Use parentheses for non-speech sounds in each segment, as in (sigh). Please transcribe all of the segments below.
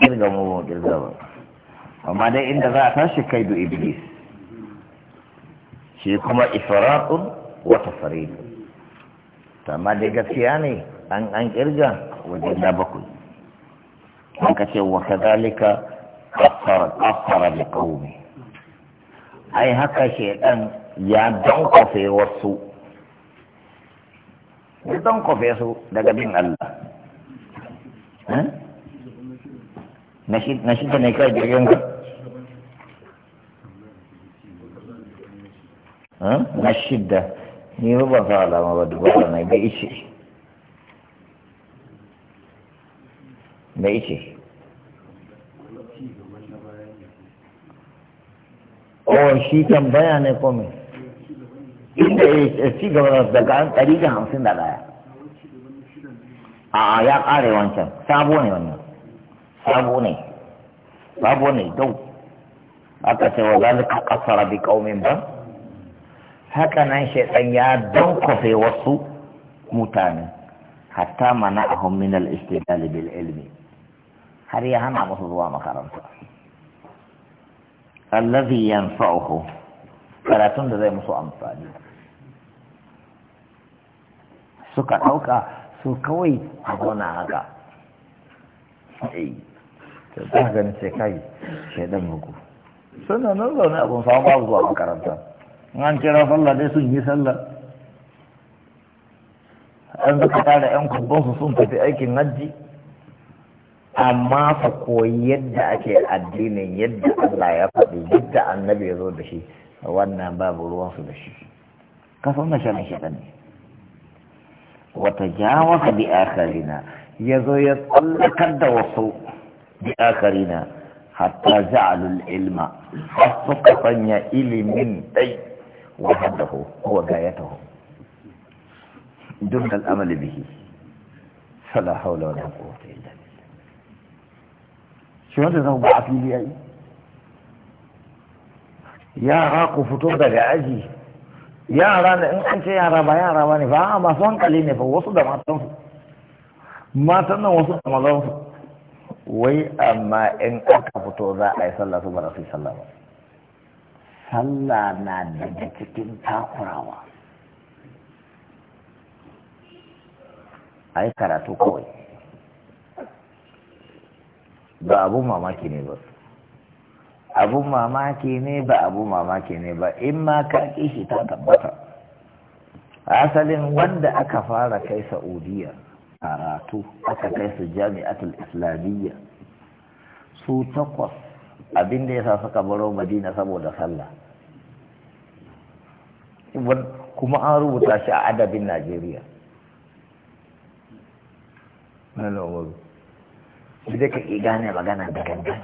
irga mu irga ba amma dai inda za a tashi kaidu iblis shi kuma ifratun wa tafrid amma dai gaskiya ne an an kirga wajen da bakwai an ka ce wa kadhalika kafara kafara bi qaumi ai haka shedan ya dankofe wasu ya dankofe su daga bin Allah na shi ne kai jirgin ka na shidda ni ba ban sa alama ba dubu ba na ga ishe na ishe o oh, shi tambaya ne kome inda ya eh, ci gaba daga ga ɗari da hamsin da ɗaya a ya ƙare wancan sabo ne wannan sabo ne sabo ne dau aka ce wa zalika kasara bi ba haka nan shaytan ya don kofe wasu mutane hatta mana a min al istidlal bil ilmi har ya hana musu zuwa makaranta allazi yanfa'uhu karatun da zai musu amfani suka ɗauka su kawai a gona haka ta za ganin sai kai shaidan muku suna nan zaune abin samun babu zuwa makaranta an kira sallah dai sun yi sallah an suka tara yan su sun tafi aikin hajji amma fa koyi yadda ake addinin yadda Allah ya faɗi yadda annabi ya zo da shi wannan babu ruwansu da shi Ka san na shanin shaɗa ne wata ka bi akarina ya zo ya tsallakar da wasu بآخرين حتى جعلوا العلم فسقطا من أي وحده هو غايته دون الأمل به فلا حول ولا قوة إلا بالله شو هذا هو بعثي لي أي يا راق فطور دقا أجي يا ران إن أنت يا ربا يا ربا فأما سوانك ليني فوصد ما تنفو ما تنفو وصد ما تنفو wai amma in aka fito za a yi sallah su ba su yi sallah ba sallah na daga cikin takurawa a yi karatu kawai ba abun mamaki ne ba abun mamaki ne ba abun mamaki ne ba in ma ka ƙi shi ta tabbata asalin wanda aka fara kai sa'udiyya karatu aka kai su jami'atul islamiyya su takwas abin da ya sa suka baro madina saboda sallah kuma an rubuta shi a adabin najeriya malawar su da ka gane magana da gangan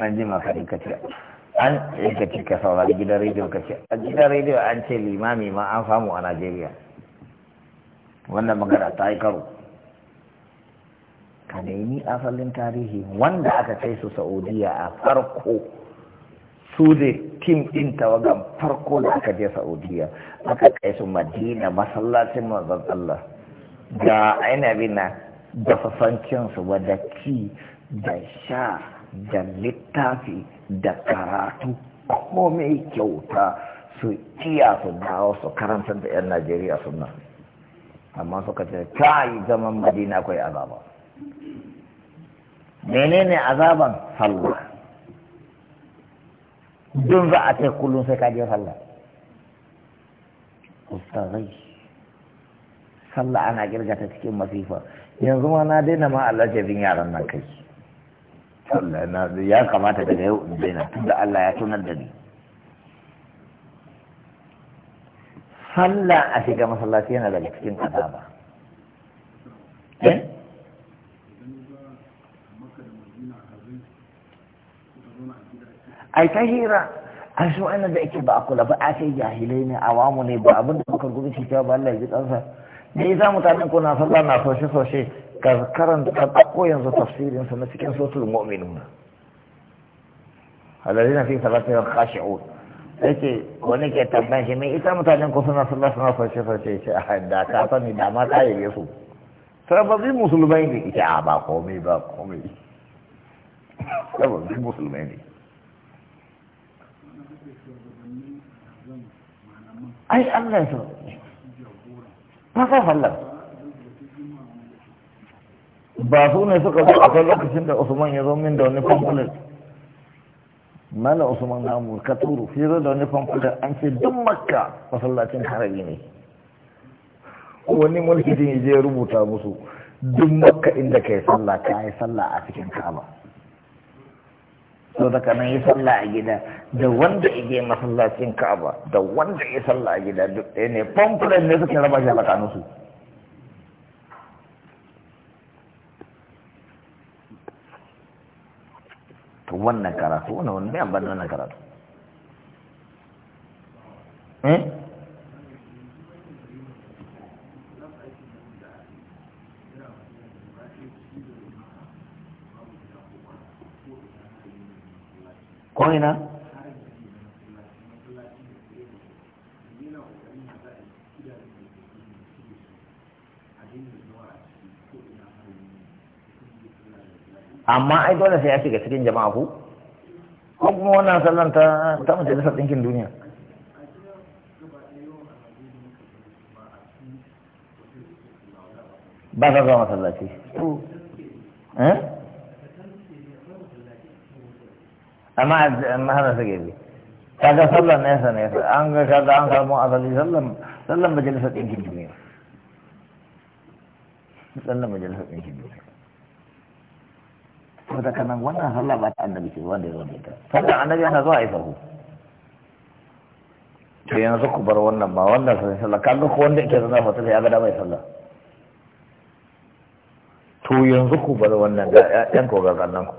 an ji kaciya. an ka ce ka saurari gidan rediyo ka ce a gidan rediyo an ce limami ma an samu a najeriya wannan magana ta yi karo ka nemi asalin tarihi wanda aka kai su saudiya a farko su da tim ɗin tawagan farko da aka je saudiya aka kai su madina masallacin mazan Allah ga ainihin na da fasancinsu ba da ki da sha da littafi da karatu komai kyauta su iya su dawo su karanta da 'yan najeriya sunan amma suka ce ta yi zaman madina kai azaba menene azaban sallah don za a ce kullum sai ka je sallah ustazai sallah ana girgata cikin masifa yanzu ma na daina ma Allah ce bin yaran nan kai sallah na ya kamata daga yau in daina tunda Allah ya tunar da ni sallah a shiga masallaci yana daga cikin azaba eh? ai ta hira a so ana da ake ba a kula ba a ce jahilai ne awamu ne ba abinda muka gudu shi ba Allah ya ji kansa za mu mutanen ko na sallah na soshe soshe ka karanta ka yanzu tafsirin sa na cikin suratul mu'minun halalina fi salatin khashi'un yake wani ke tambayan shi mai ita mutanen ku suna sallah suna farce farce shi a da ka sani da ma ka yabe su sababbin musulmai ne ita a ba komai ba komai sababbi musulmai ne ai Allah su ba ka hallar ba su ne suka zo kan lokacin da Usman ya zo min da wani pamphlet mana usman namu katuru turu fira da wani famfutar an ce duk makka masallacin harami ne wani mulki din je rubuta musu duk makka inda ka yi sallah ka sallah a cikin kaba so daga nan yi sallah a gida da wanda ya masallacin kaba da wanda ya sallah a gida duk ɗaya ne famfutar ne suka raba shi a wannan karatu wannan wani bai amfani wannan karatu eh? ko ina amma ai dole sai ya shiga cikin jama'a ku ko kuma wannan sallan ta ta majalisar ɗinkin duniya ba ka zama masallaci eh? amma mahana su gebe kaga sallan nesa nesa an ga kaga an samu asali sallan sallan majalisar ɗinkin duniya sallan majalisar ɗinkin duniya fita kanan wannan sallah ba ta annabi ce wanda ya zo da ita sallah annabi yana zuwa ya sahu to yanzu ku bar wannan ba wannan sai sallah kaga ko wanda yake zama fata ya ga da mai sallah to yanzu ku bar wannan ga yan ko ga kannan ku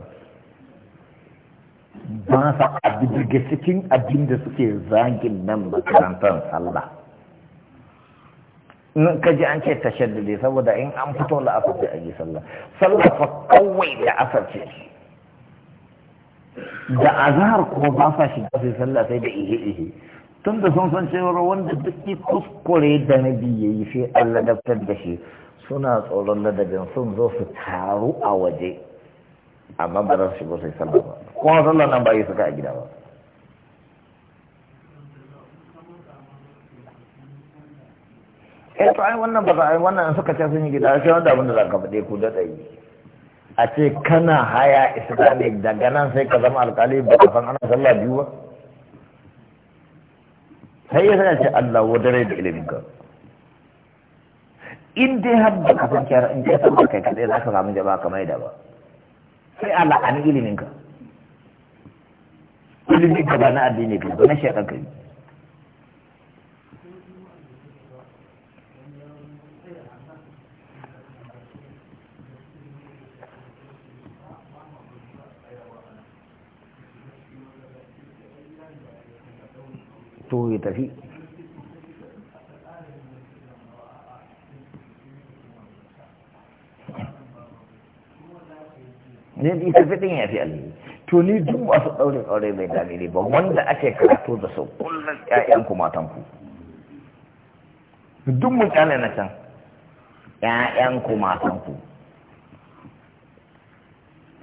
ba sa abin da cikin abin da suke zagin nan makarantar sallah ka kaji an ce tashaddudi saboda in an fito la'asar sai a yi sallah sallah fa kawai la'asar ce da azhar ko ba sa shiga sai sallah sai da ihe ihe tun da sun san cewar wanda duk kuskure da nabi ya yi sai an ladabtar da shi suna tsoron ladabin sun zo su taru a waje amma ba za su shigo sai sallah ba kuma sallah nan ba yi suka a gida ba eh to ai wannan ba ai a yi wannan an suka ce sun yi gida sai wanda abin da za ka faɗe ku da tsayi a ce kana haya islamic daga nan sai ka zama alkali ba ka san ana sallah biyu ba sai ya sanya ce Allah wa dare da ilimin ka in dai har ba ka san kyara in kai san ba kai kadai za ka samu jama'a kamar da ba sai Allah an ilimin ka ilimin ka ba na addini ka ba na shaitan kai ya tafi ne da ita fitin ya fi alheri to ni duk masu ɗaurin aure mai dami ne ba wanda ake karatu da sau kullum ƴaƴanku matanku duk mun kyale na can ƴaƴanku matanku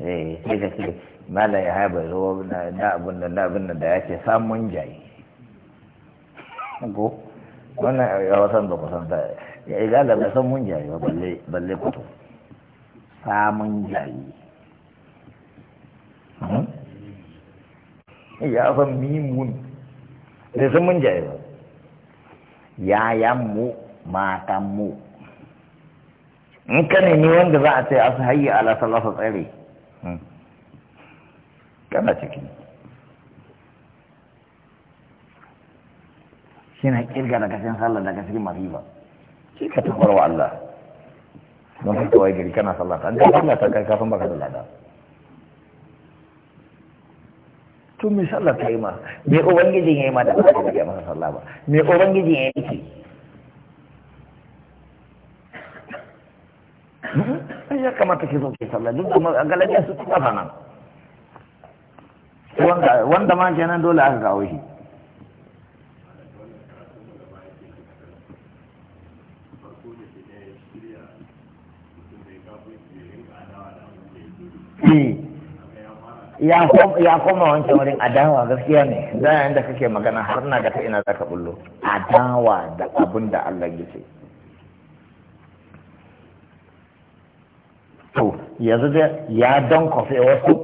eh sai ka ce mala ya haɓa zuwa na abin da na abin da ya ce samun jayi ko wannan ya wasan da kusan ta ya yi gada bai san mun jayi ba balle kuto samun jayi hmm? ya san mimun da san mun jayi ba yayan mu matan mu in ka nemi wanda za a ce asu hayya ala sallafa tsare hmm. kana ciki shi kirga daga cikin sallah daga cikin mafiba shi ka tabar wa Allah don ka kawai gari kana sallah ta dan Allah ta kai kafin baka da lada tun mai sallah ta yi ma me ubangiji ya yi ma da ba ka masa sallah ba me ubangiji ya yi ce hmm? ya kamata ki zo ki sallah duk kuma galabiya su tsafa nan wanda ma kenan dole aka kawo shi ya koma wancan wurin adawa gaskiya ne da yayin da kake magana har na ga ta ina zaka bullo adawa da abin da Allah ya ce to yanzu da ya don kofe wasu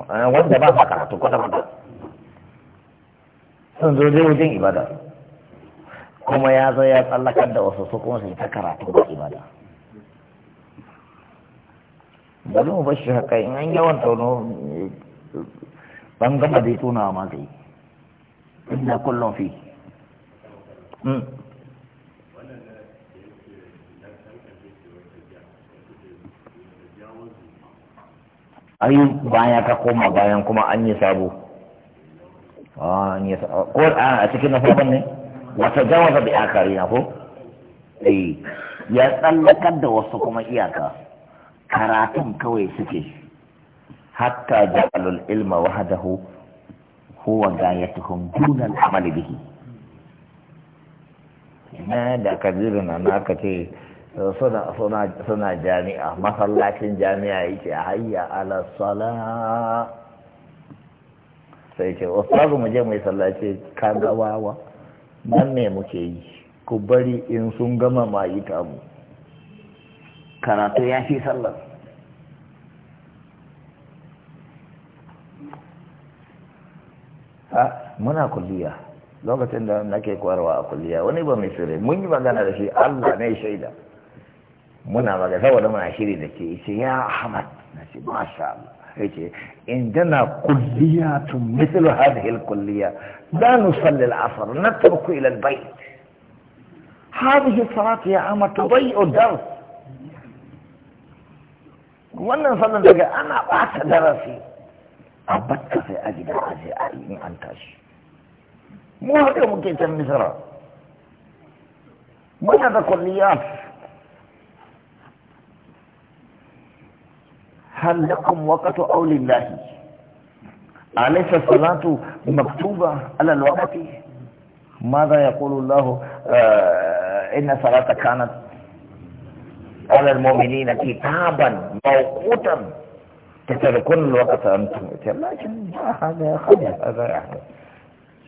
eh, wanda ba sa karatu kwata kwata sun zo dai wajen ibada kuma ya zo ya tsallakar da wasu su kuma su ta karatu ba ibada ba mu shi haka in an yawan tono ban gama da tuna ma zai inda kullum fi hmm. ayi baya ka koma bayan kuma an yi sabo ah, a cikin nasarar ne wata jawaza da akari na ko eh, ya tsallakar da wasu kuma iyaka karatun kawai suke hatta jalul ilma wahdahu huwa gayatuhum duna al-amal bihi na da kabiru na naka ce suna suna suna jami'a masallacin jami'a yake hayya ala sala sai ce ustazu mu je mu sallaci ka gawawa nan ne muke yi ku bari in sun gama ma yi karatu ya fi sallar a muna kulliya lokacin da nake kwarwa a kulliya wani ba mai sire mun yi magana da shi allah ne shaida muna magana saboda muna shiri da ke ce ya ahmad na ce masha allah yake عندنا كليات مثل هذه الكلية لا نصلي العصر نترك إلى البيت هذه الصلاة يا عم تضيء الدرس wannan sallan daga ana ɓata darasi a batta sai a gida a je a yi an tashi mu haka muke can misira muna da kwalliya هل لكم وقت أو لله أليس الصلاة مكتوبة على الوقت ماذا يقول الله آه إن صلاة كانت على المؤمنين كتابا موقوتا تتل كل وقت أنتم لكن هذا خبيث هذا يحدث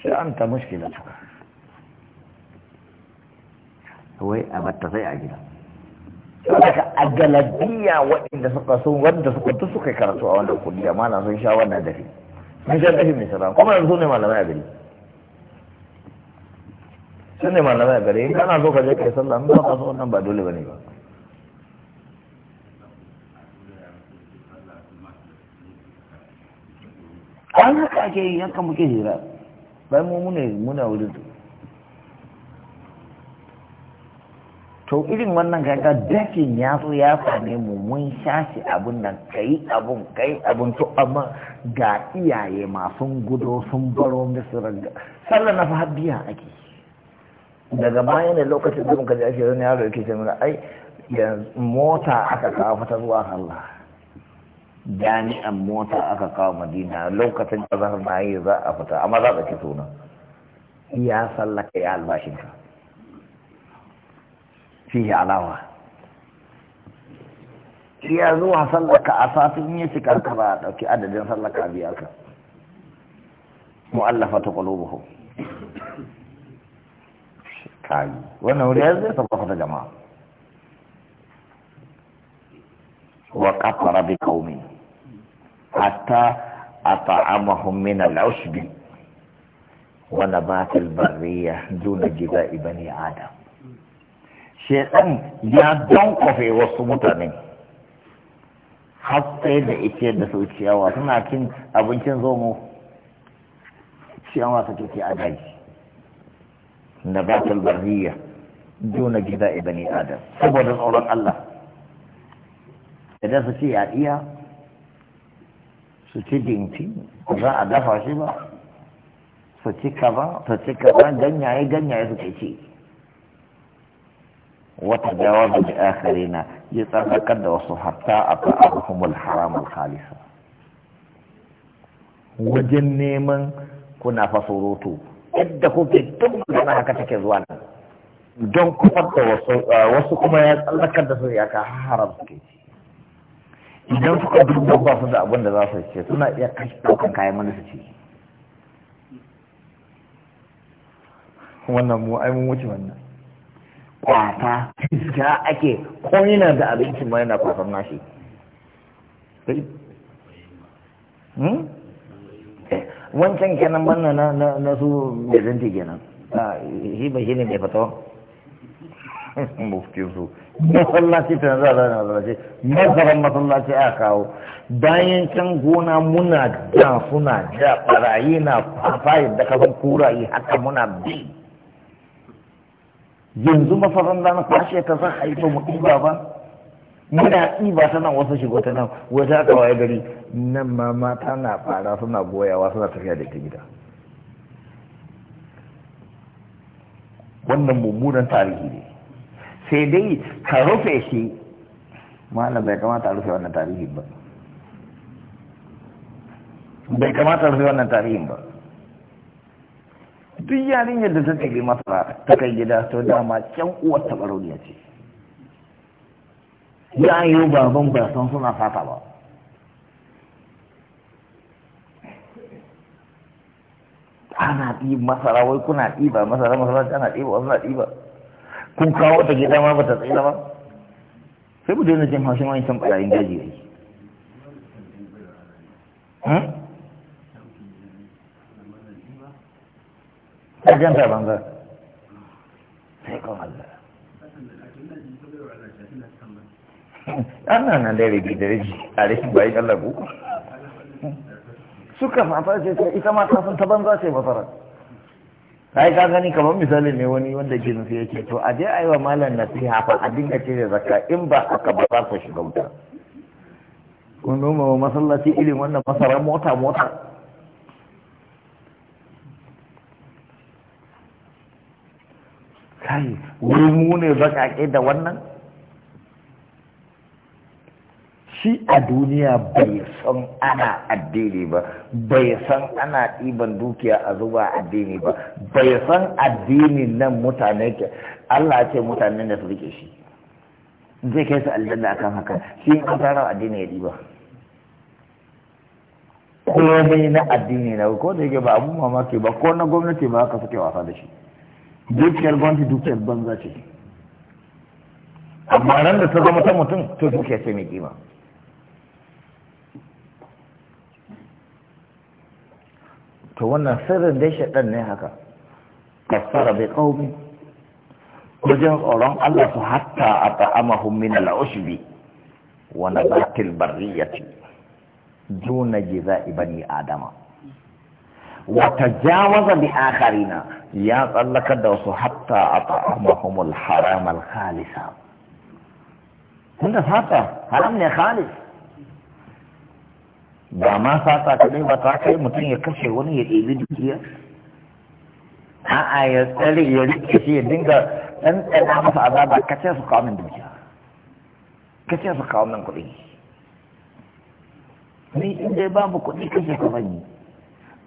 يعني انت مشكلة هو أما التضيع جدا لك أجلدية وإن تسقى سوم وإن تسقى تسقى كرسوة وإن تقول يا مالا سيشا وإن أدفي مش أدفي من سلام قم أرسوني مالا ما أبري سنة مالا ما أبري أنا أدفع جاكي سلام ما أدفع سوم نبا دولي بني بقى ake yi yanka muke hira bai mu muna muna wurin to irin wannan kaga dakin ya so ya same mu mun shashi abun nan kai abun kai abun to amma ga iyaye masu gudo sun baro ranga sallan na fahabiya ake daga bayan da lokacin da muka ji ake zan yaro yake ce mana ai da mota aka kawo fata zuwa sallah jami'an mota aka kawo madina lokacin da za na yi za a fita amma za a ci suna iya sallaka ya albashinka fiye alawa Ya zuwa sallaka a satin yi cikar kaba a ɗauki adadin sallaka biya ka mu'allafa ta hau kayi wannan wuri ya zai sabbata jama'a وكفر بقومه حتى أطعمهم من العشب ونبات البرية دون جباء بني آدم شيطان يا دنق في وسط متنين har sai da ita da su ciyawa suna cin abincin zomo ciyawa ta ce a daji na batul barriya juna gida ibani adam saboda tsoron Allah idan su ce yaɗiya su ci dinti za a dafa shi ba su ci kaza su ci kaza ganyaye ganyaye su ci wata jawabu da akari na ya tsarkakar da wasu hatta a fa'ahumul haramul khalisa wajen neman kuna fasoroto yadda kuke duk magana haka take zuwa nan don kufar da wasu kuma ya tsallakar da su ya ka haram suke ci idan suka duba ba su da abin da za su ce suna iya kashi daukan kayan mana su ce wannan mu ai mun wuce wannan kwata iska ake ko da abincin mai na kwasan nashi hmm? wancan kenan manna na na su mai zanti kenan ah, shi ba shi ne mai fatawa (laughs) mufti su masallaci ta za a masallaci masarar masallaci a kawo bayan can gona muna da suna da barayi na fafayi da kasan kurayi haka muna bi yanzu masarar da na kwashe ta za a yi ba mutu ba ba muna ɗiba ta nan wasu shigo ta nan wata kawai gari nan ma mata na fara suna goyawa suna tafiya da ta gida wannan mummunan tarihi ne sai dai ka rufe shi malam bai kamata rufe wannan tarihi ba bai kamata rufe wannan tarihin ba duk yarin da ta tafi masara ta kai gida to dama can uwar tabaroniya ce ya yi baban ba san suna fata ba ana ɗi masara wai kuna ba masara masara ana ba, wasu na ba. kun kawo ta gida ma ba ta tsira ba sai bude na jin haushin wani can yin daji hmm? ne ta janta banza sai kan Allah (laughs) ana nan da rage da rage a rashin bayan Allah ku hmm? suka fafa ce ita ma kafin ta banza ce ba fara sai ka gani kamar misali ne wani wanda ke nufi yake to a je a yi wa malam nasiha fa a dinga ce da zakka in ba haka ba za ku shiga wuta kun noma wa masallaci irin wannan masara mota mota kai wuri mu ne da wannan shi a duniya bai san ana addini ba bai san ana ɗiban dukiya a zuba addini ba bai san addini nan mutane ke Allah ce mutane da su rike shi zai kai su aljanna akan haka shi an fara addini ya ɗiba komai na addini na ko da yake ba abun mamaki ba ko na gwamnati ba haka suke wasa da shi dukiyar gwamnati dukiyar banza ce amma nan da ta zama ta mutum to dukiya ce mai kima to wannan sirrin dai shaɗan ne haka kasara bai ƙaumi wajen tsoron Allah su hatta a ta'amahun min al'usbi wa nabatil barriyati duna giza ibani adama wa tajawaza bi akharina ya tsallaka da wasu hatta a ta'amahum al-haram al-khalisa tunda fata haram ne khalis ba ma sata dai ba ta kai mutum ya kashe wani ya ɗebi dukiya a ya tsare ya rike shi ya dinga ɗan tsada masa azaba kace su kawo min dukiya kace su kawo min kuɗi ni in dai babu kuɗi kashe ka fanyi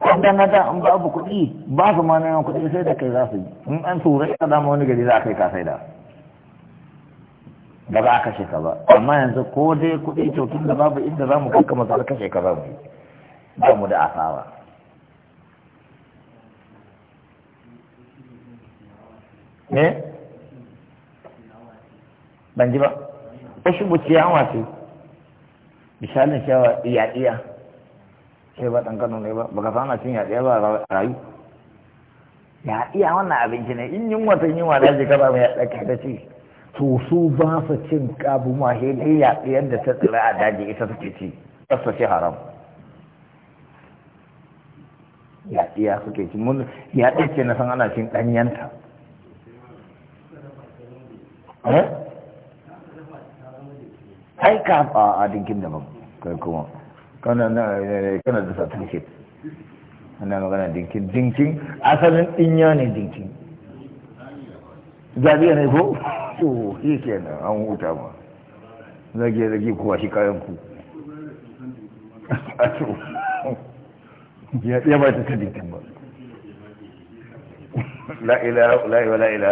wanda na da in babu kuɗi ba su ma na yawan kuɗi sai da kai za su yi in an tura ka dama wani gari za a kai ka sai da da ba a kashe ka ba amma yanzu ko dai kuɗi tun da babu inda za mu kanka masu har kashe ka za mu yi ba mu da asawa ne ban ji ba wasu bu ciyawa wasu misalin ciyawa iya iya sai ba ɗan kano ne ba baka sana cin yaɗiya ba a rayu yaɗiya wannan abinci ne in yunwa ta yunwa da ji kaba mai mu ya ɗaka ta ce to su ba su cin kabu ya tsayar da ta tsira a daji ita suke ci ƙasa ce haram yaɗiya suke ci mun yaɗi ce na san ana cin ɗanyanta eh? ai ka a adinkin dinkin daban kai kuma kana kana da certificate ana magana dinkin dinkin asalin dinya ne dinkin zabiya ne ko to shi kenan an huta ma zage-zage kuwa shi kayan ku a (laughs) to ya ɗaya ba ta sadikin ba la'ila ulayi wa la'ila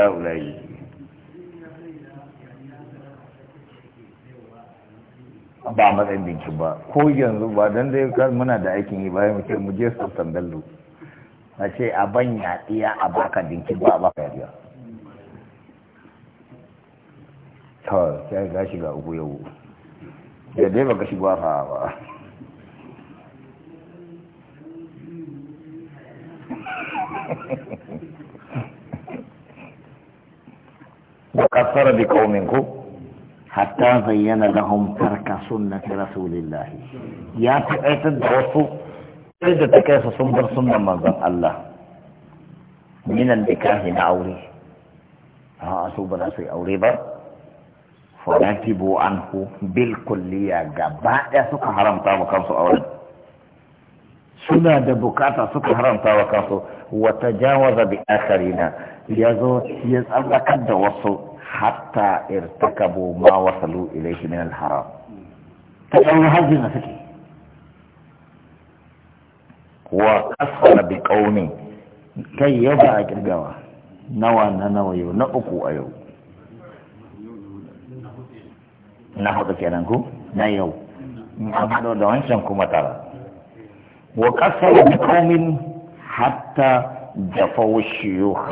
ba matsayin bincin ba ko yanzu ba don dai kar muna da aikin yi bayan mutum mu je su sandallo a ce a banya iya a baka dinkin ba a baka yariya ta sai ga yau da dai ba وكفر بقومكم حتى زين لهم ترك سنة رسول الله يا تأتد وصو إذا تكيس صندر سنة منظر الله من النكاح نعوري ها أصوب نسي أوري بقى فراتبوا عنه بالكلية جباء سكا حرام تاو كنسو أولا سنة دبكاتا سكا حرام تاو كنسو وتجاوز بآخرين يزو يزأل كد وصو حتى ارتكبوا ما وصلوا إليه من الحرام تجاوز هذه نسكي وقصر بقومي كي يبقى جرجوا نوى نوى يو نأكو أيو na hudu kenan ku na yau an haɗo da wancan kuma tara wa kasar bi qaumin hatta jafaw shuyukh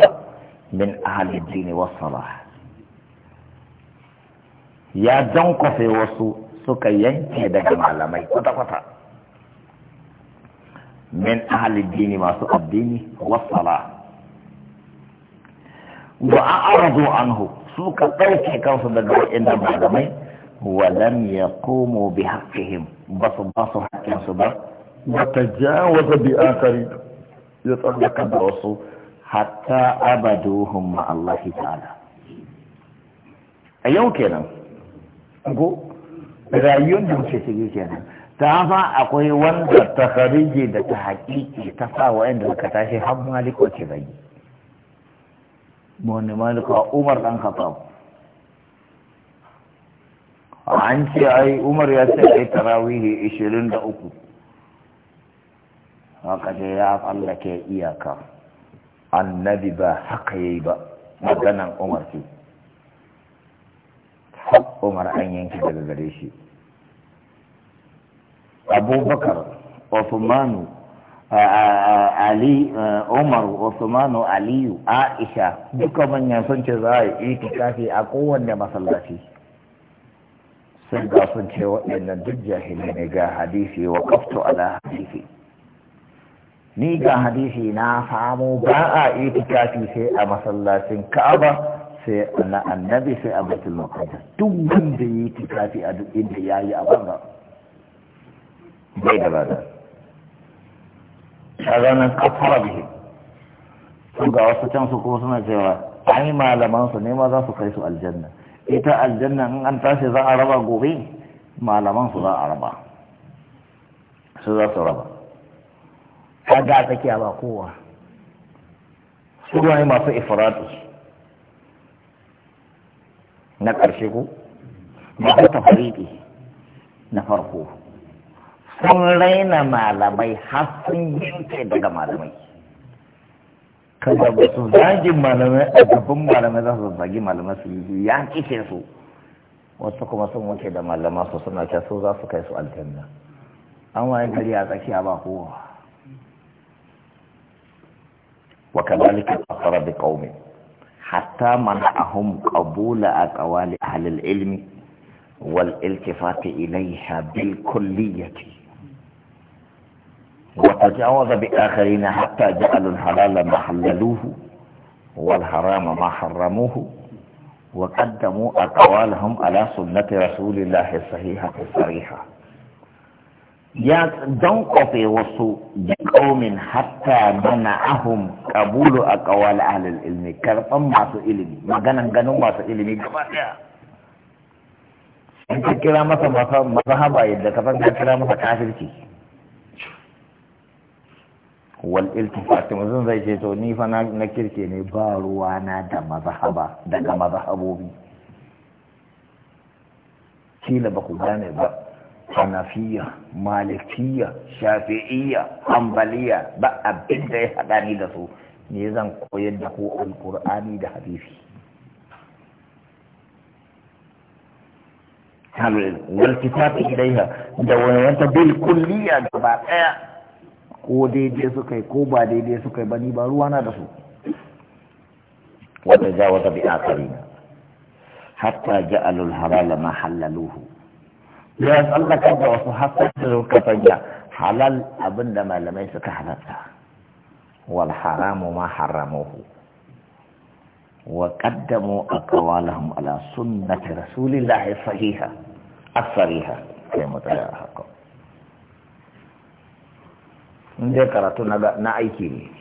min ahli ad-din wa salah ya dankwafe wasu suka yanke daga malamai kwata-kwata min ahli dini masu addini wasala wa an arzu anhu suka ɗauke kansu daga waɗanda malamai ولم يقوموا بحقهم بس بس حقهم سبا وتجاوز بآخرين يطلق الرسول حتى أبدوهم مع الله تعالى أيوه كنا أقول rayuwar da muke ciki kenan ta fa akwai wanda ta kharije da ta haƙiƙi ta sa wa'anda suka tashi har maliko ce zai umar dan an ce ai umar ya ce ai tarawihi ishirin da uku haka ce ya tsallake iyaka annabi ba haka yayi ba maganan umar ce umar an yanki daga gare shi abubakar osmanu Ali Umar osmanu Aliyu Aisha duka manyan sun ce za a yi itikafi a kowanne masallaci sai ga sun ce waɗannan duk jahili ne ga hadisi wa kaftu ala hadisi ni ga hadisi na samu ba a itikafi sai a masallacin ka'aba sai na annabi sai a batul maqdis duk wanda yi itikafi a duk inda yayi a banza bai da bada shazanan kafara bihi su ga wasu can su kuma suna cewa ai malaman su ne ma za su kai su aljanna ita aljanna in an tashi za a raba gobe malaman su za a raba su za su raba kaga a tsakiya ba kowa su ne masu ifratu na ƙarshe ko masu tafariki na farko sun raina malamai har sun yanke daga malamai kada ba su zagin malamai a gaban malamai za su zagi malamai su yi ya kice su wasu kuma sun wuce da malama su suna ce su za su kai su aljanna an waye gari a tsakiya ba kowa wa kadhalika asara bi qaumi hatta mana'ahum qabula aqwali ahli al-ilmi wal iltifati ilayha bil kulliyati وجاوز بآخرين حتى جعلوا الحلال ما حللوه والحرام ما حرموه وقدموا أقوالهم على سنة رسول الله الصحيحة الصريحة ya dankofe wasu da ƙaumin hatta mana ahun ƙabulu a ƙawal ahalil ilmi karɓan masu ilimi maganan ganin masu ilimi gaba ɗaya in ka kira masa mazhaba yadda ka kira masa kafirci والالتفات مزن زي جيتو ني فانا نكركي ني بارو وانا دا مذهبا دا مذهبو بي كيلا بقو جاني با مالكية شافعية حنبلية با ابنتا يحداني دسو نيزان قويد دقو القرآن دا حديثي والكتاب إليها دوانيات بالكلية دبا ko daidai suka yi ko ba daidai suka yi ba ni ba ruwa na da su wata jawaza bi akarina hatta ja'alul halala ma halaluhu ya tsallakar da wasu hatta da suka fanya halal abinda malamai suka halatta wal haramu ma haramuhu wa وقدموا أقوالهم على سنة رسول الله الصحيحة الصريحة في متلاحقهم in dai karatu na aiki ne